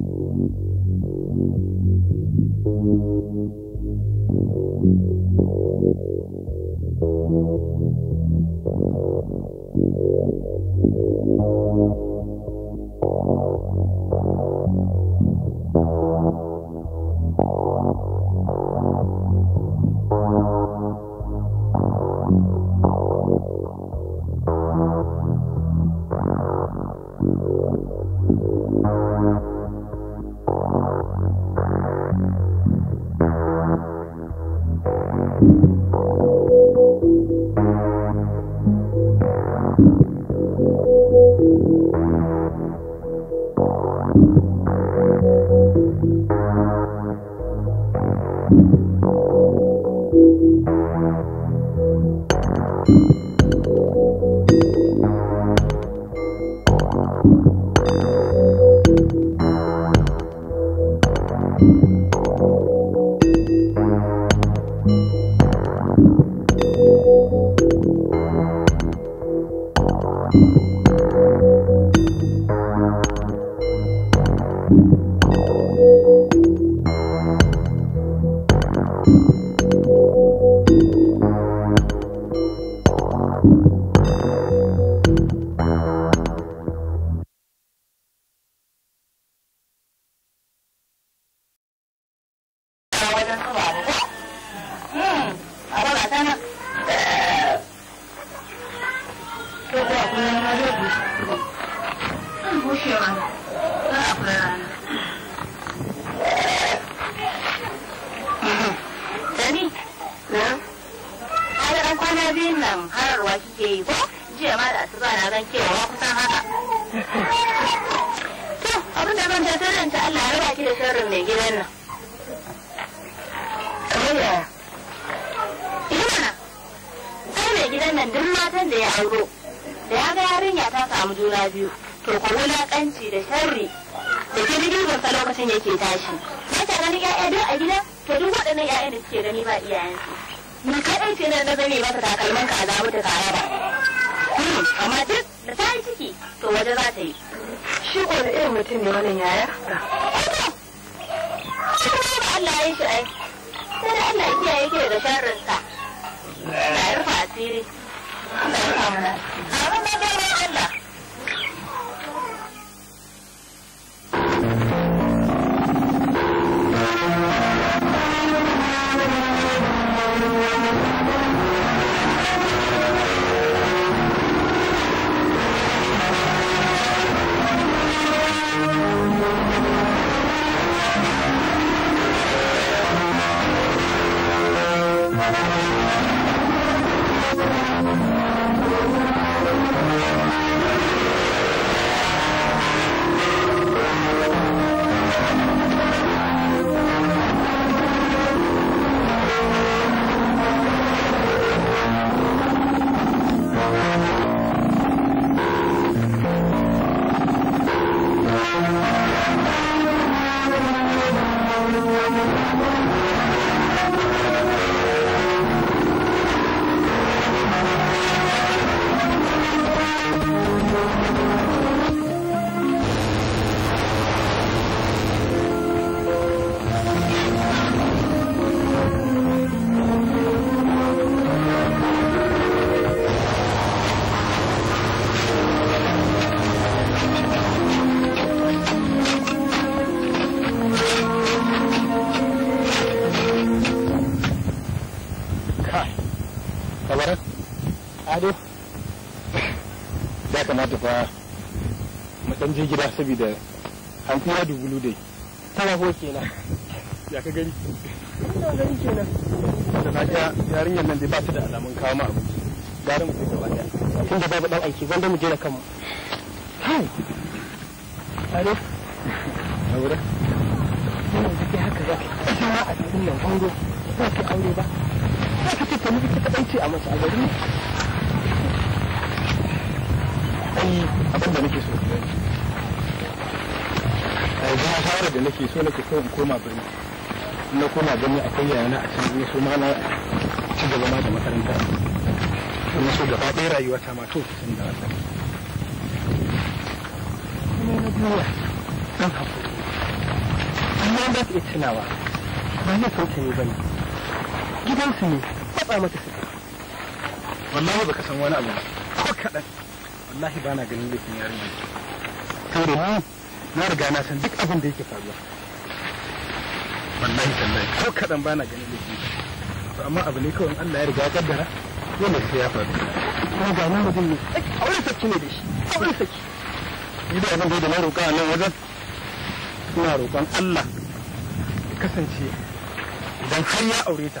Thank you. and I, auro da ya ga yarinya ta samu juna biyu to ku wulakanci da sharri da girgizar sa lokacin yake tashi ta ganin ƴaƴa duk a gida to duk waɗannan ƴaƴan da suke gani ba iyayensu ni kaɗai ce nan da zane masa takalmin kaza ta kaya ba hmm, amma duk da ta yi ciki to waje za ta yi shi ko da irin mutum ne wannan yaya shi kuma Allah ya yi shi ai sai da Allah ya kiyaye ke daga sharrin sa ya rufa asiri அவனை அவன் தான் Thank you. Thank you. kamar ado ya kamata fa matan je gida saboda an kuma dubulu dai tana ko kenan ya ka gani ina gani kenan da ga yarinyar nan ba ta da alamun kawo ma abu da babu dan aiki mu je da kanmu kai ado aure haka a cikin nan gwando ba aure ba kake ta mutu ta ce a masu agari ai abin da nake so ai shawara da nake so nake so in koma birni na koma birni akwai yana a can ne so ma na ci gaba ma da makaranta na so gaba ɗaya rayuwa ta ma to sun da Allah kuma na hakuri amma ba ta iya tunawa ba ya sauke ne gidansu ne matsa mata wallahi baka san wani abu ko kadan wallahi ba na ganin laifin yarinya kawai na na riga na san duk abin da yake faruwa wallahi tallahi ko kadan ba na ganin laifin to amma abu ne kawai Allah ya riga ya kaddara yana sai ya faru ko ga nan mutum ne a wani saki ne da shi a wani saki ni da abin da na roƙa a nan wajen ina roƙon Allah kasance idan har ya aure ta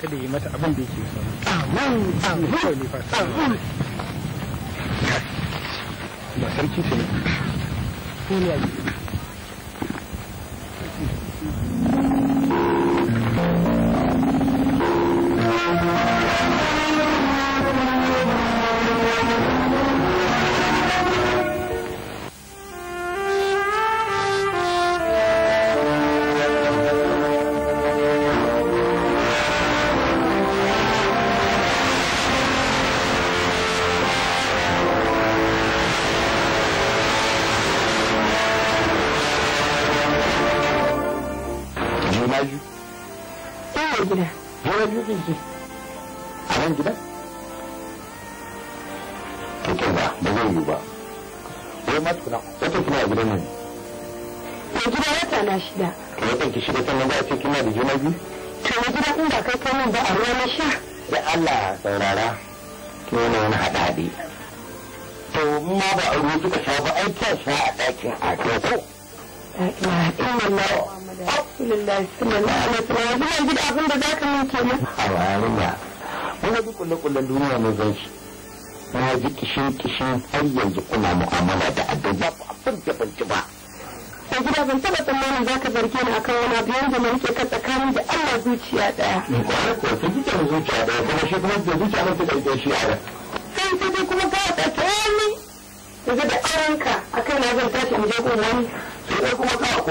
kada yi mata abin da yake so kyau ne fata ba sarki sai ne gida juna biyu kin ki a nan gidan to kin ba ba zai yi ba ne? a gida wata na shida ki za da juna biyu to ni in ne kai kai min ba na sha da Allah saurara ki wani to ma ba a ruwa kika sha ba ai sha a dakin ko Alhamdulillah suna na alaƙa yanzu gida wani duk kulle-kullen duniya ne zan shi. Na ji kishin-kishin har yanzu kuna mu'amala da abin ba ku abin da ban ci ba. A gida ban taɓa tsammanin za ka zarge ni akan wani abu yanzu mai ke ka tsakanin da Allah zuciya ɗaya. Kwanar kuwa sun ji kyan zuciya ɗaya kuma shi kuma da zuciya mafi ɗauke shi a rai. Kai sai dai kuma ka ta ta yanni. Daga da aurenka akan na zan tashi in je ko wani.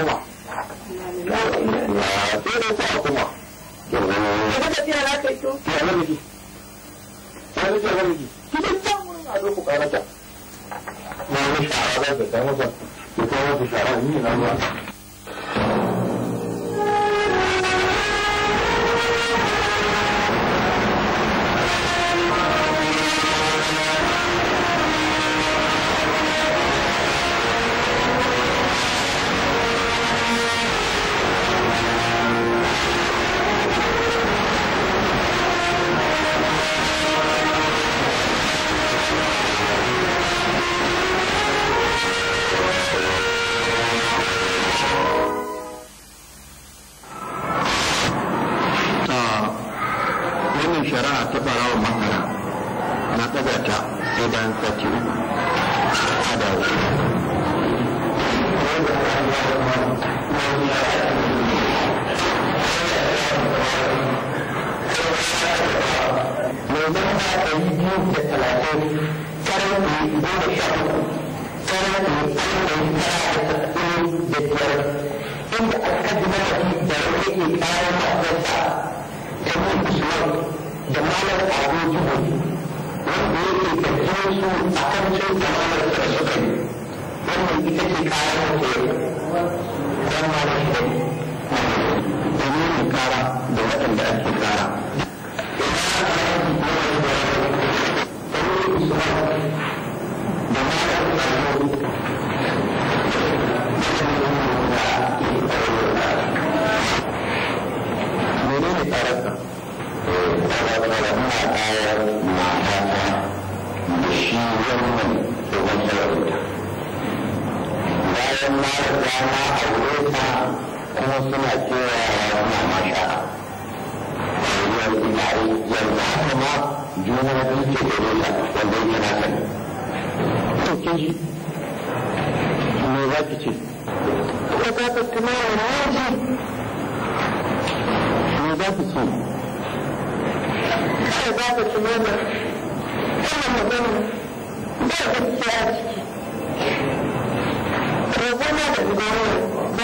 kuma na tsere ko a kuma ya na kai kyau ya na miki ya na miki ya na miki cikin can wurin a zo ku karata na wani shara za ta kai masa ku kai masa shara ni na zuwa goma sha uku tara da tsarin da tsarin da biyar da yake ƙarar da su a kan cin da suka ita ke ɗan malar shi da waɗanda ake ƙara kuma suna cewa suna masha yanzu haka ma juna biyu ke da nesa wanda yake na sani. To kin ji? Me za ki ce? Ko za ka tuna wani yaji? Me za ki ce? Ko za ka tuna wani Kana magana ba gaskiya a ciki. Ko da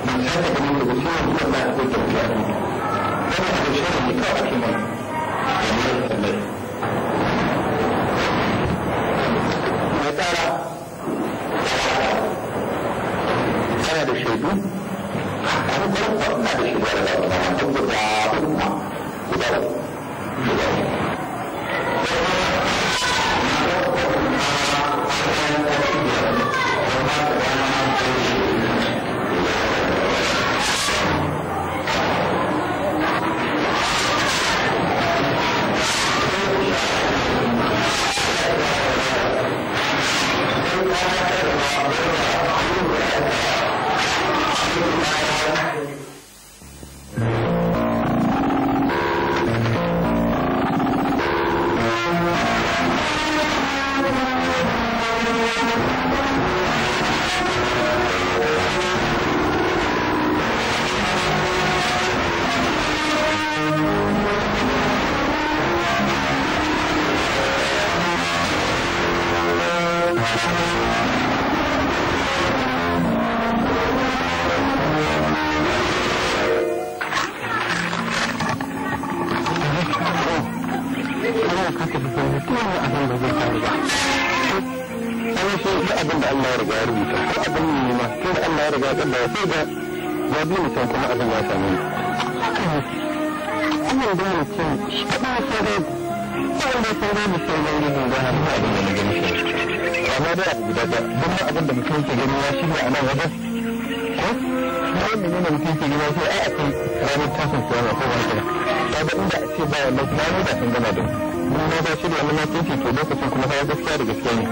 Thank you. abin da ya ba ya bi mutum kuma abin ya samu wannan da ya ce shi kaɗa ya kawai da sarai da sarai da ne da hannu abin da na gani shi amma da abu guda ba abin da mutum ke gani ya shi ne a nan wajen ko wanda ne na mutum ke gani sai ai akwai ranar tashin kiyama ko wani kira ta ga inda a ce ba wannan kuma ne da sun gama da mun ba shi da wani mutum ke lokacin kuma ya gaskiya da gaskiya ne.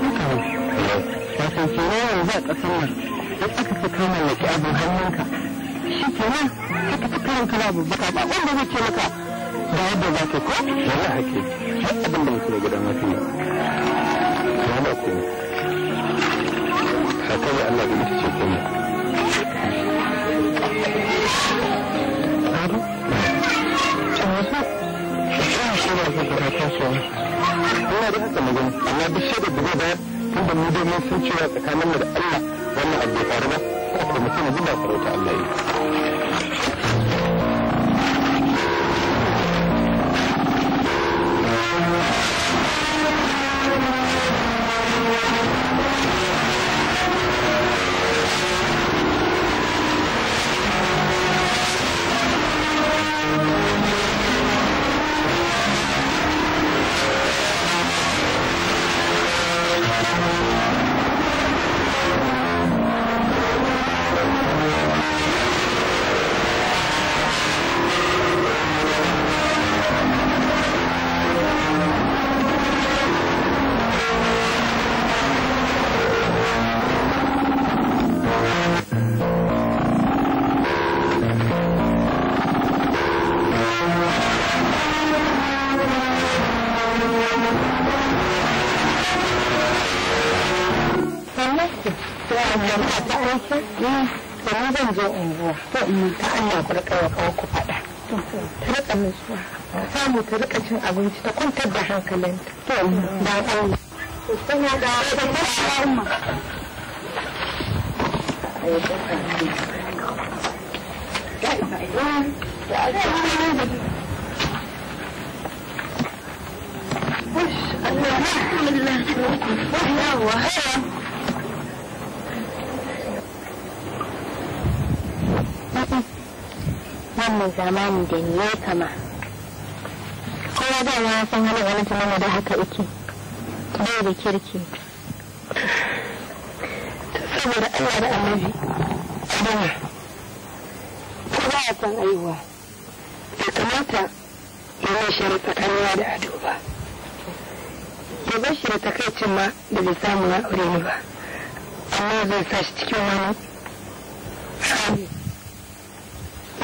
Mutane, ya san yanzu a ƙasar nan in aka fi ka mallaki abin hannunka shi kenan aka fi karin kana abu ba wanda zai ce maka ga yadda za ka ko wala hake har abin da mutum ya gida mafi ya ba ku sakar da Allah da mutu ce kuma Ina da haka magana, amma duk shaidar da zai bayar, tun da mu domin sun cewa tsakanin da zo unguwa ta Allah ku rika ku faɗa ta rika nutsuwa samu ta rika cin abinci ta kwantar da hankalinta da Allah Allah wannan zamani da ni ya kama kuma da ma san hana wani tunanin da haka yake bai da kirki saboda Allah da annabi adama ko ba a san aiwa da kamata ya yi shari tsakanin da ado ba ya bashi da takaicin ma da bai samu na aure ni ba amma zai sa shi cikin wani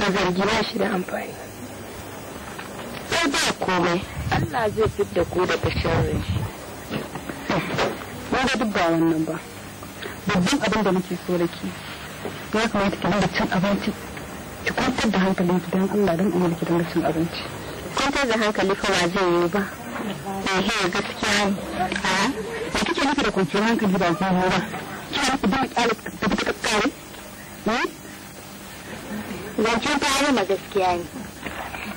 na zargi ba shi da amfani sai ba komai Allah zai fidda ku da sharrin shi ba da duk ba wannan ba babban abin da muke so da ke ya kamata ki dinga cin abinci ki kwantar da hankalin ki don Allah don Allah ki dinga cin abinci kwantar da hankali kawai zai yi ba eh, eh gaskiya ne a da kike nufi da kwanciyar hankali ba zai yi ba kina nufi don ki da ta kare zancen ta harima gaskiya ne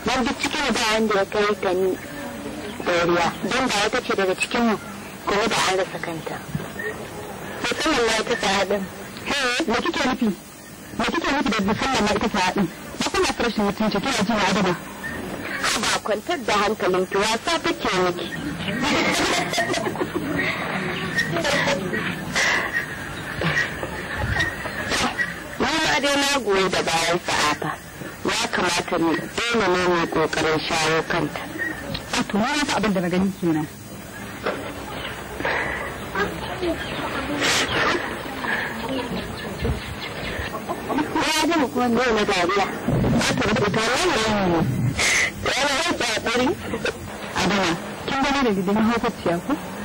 ban duk cikin ba wanda ya kai ta ni dariya don ba wata ce daga cikin mu kuma da an rasa kanta musamman ma ita ta haɗin eh. me kike nufi me kike nufi da musamman ma ita ta haɗin ba kuma rashin mutunci kina ji adaba ba kwantar da hankalin ki wasa take miki dai na goyi da bayan sa'ata ya kamata ne dole ne kokarin shawo kanta to abin da na gani kenan ya ji mu kuma na dariya ta nuna ne ya na yi adama kin gani da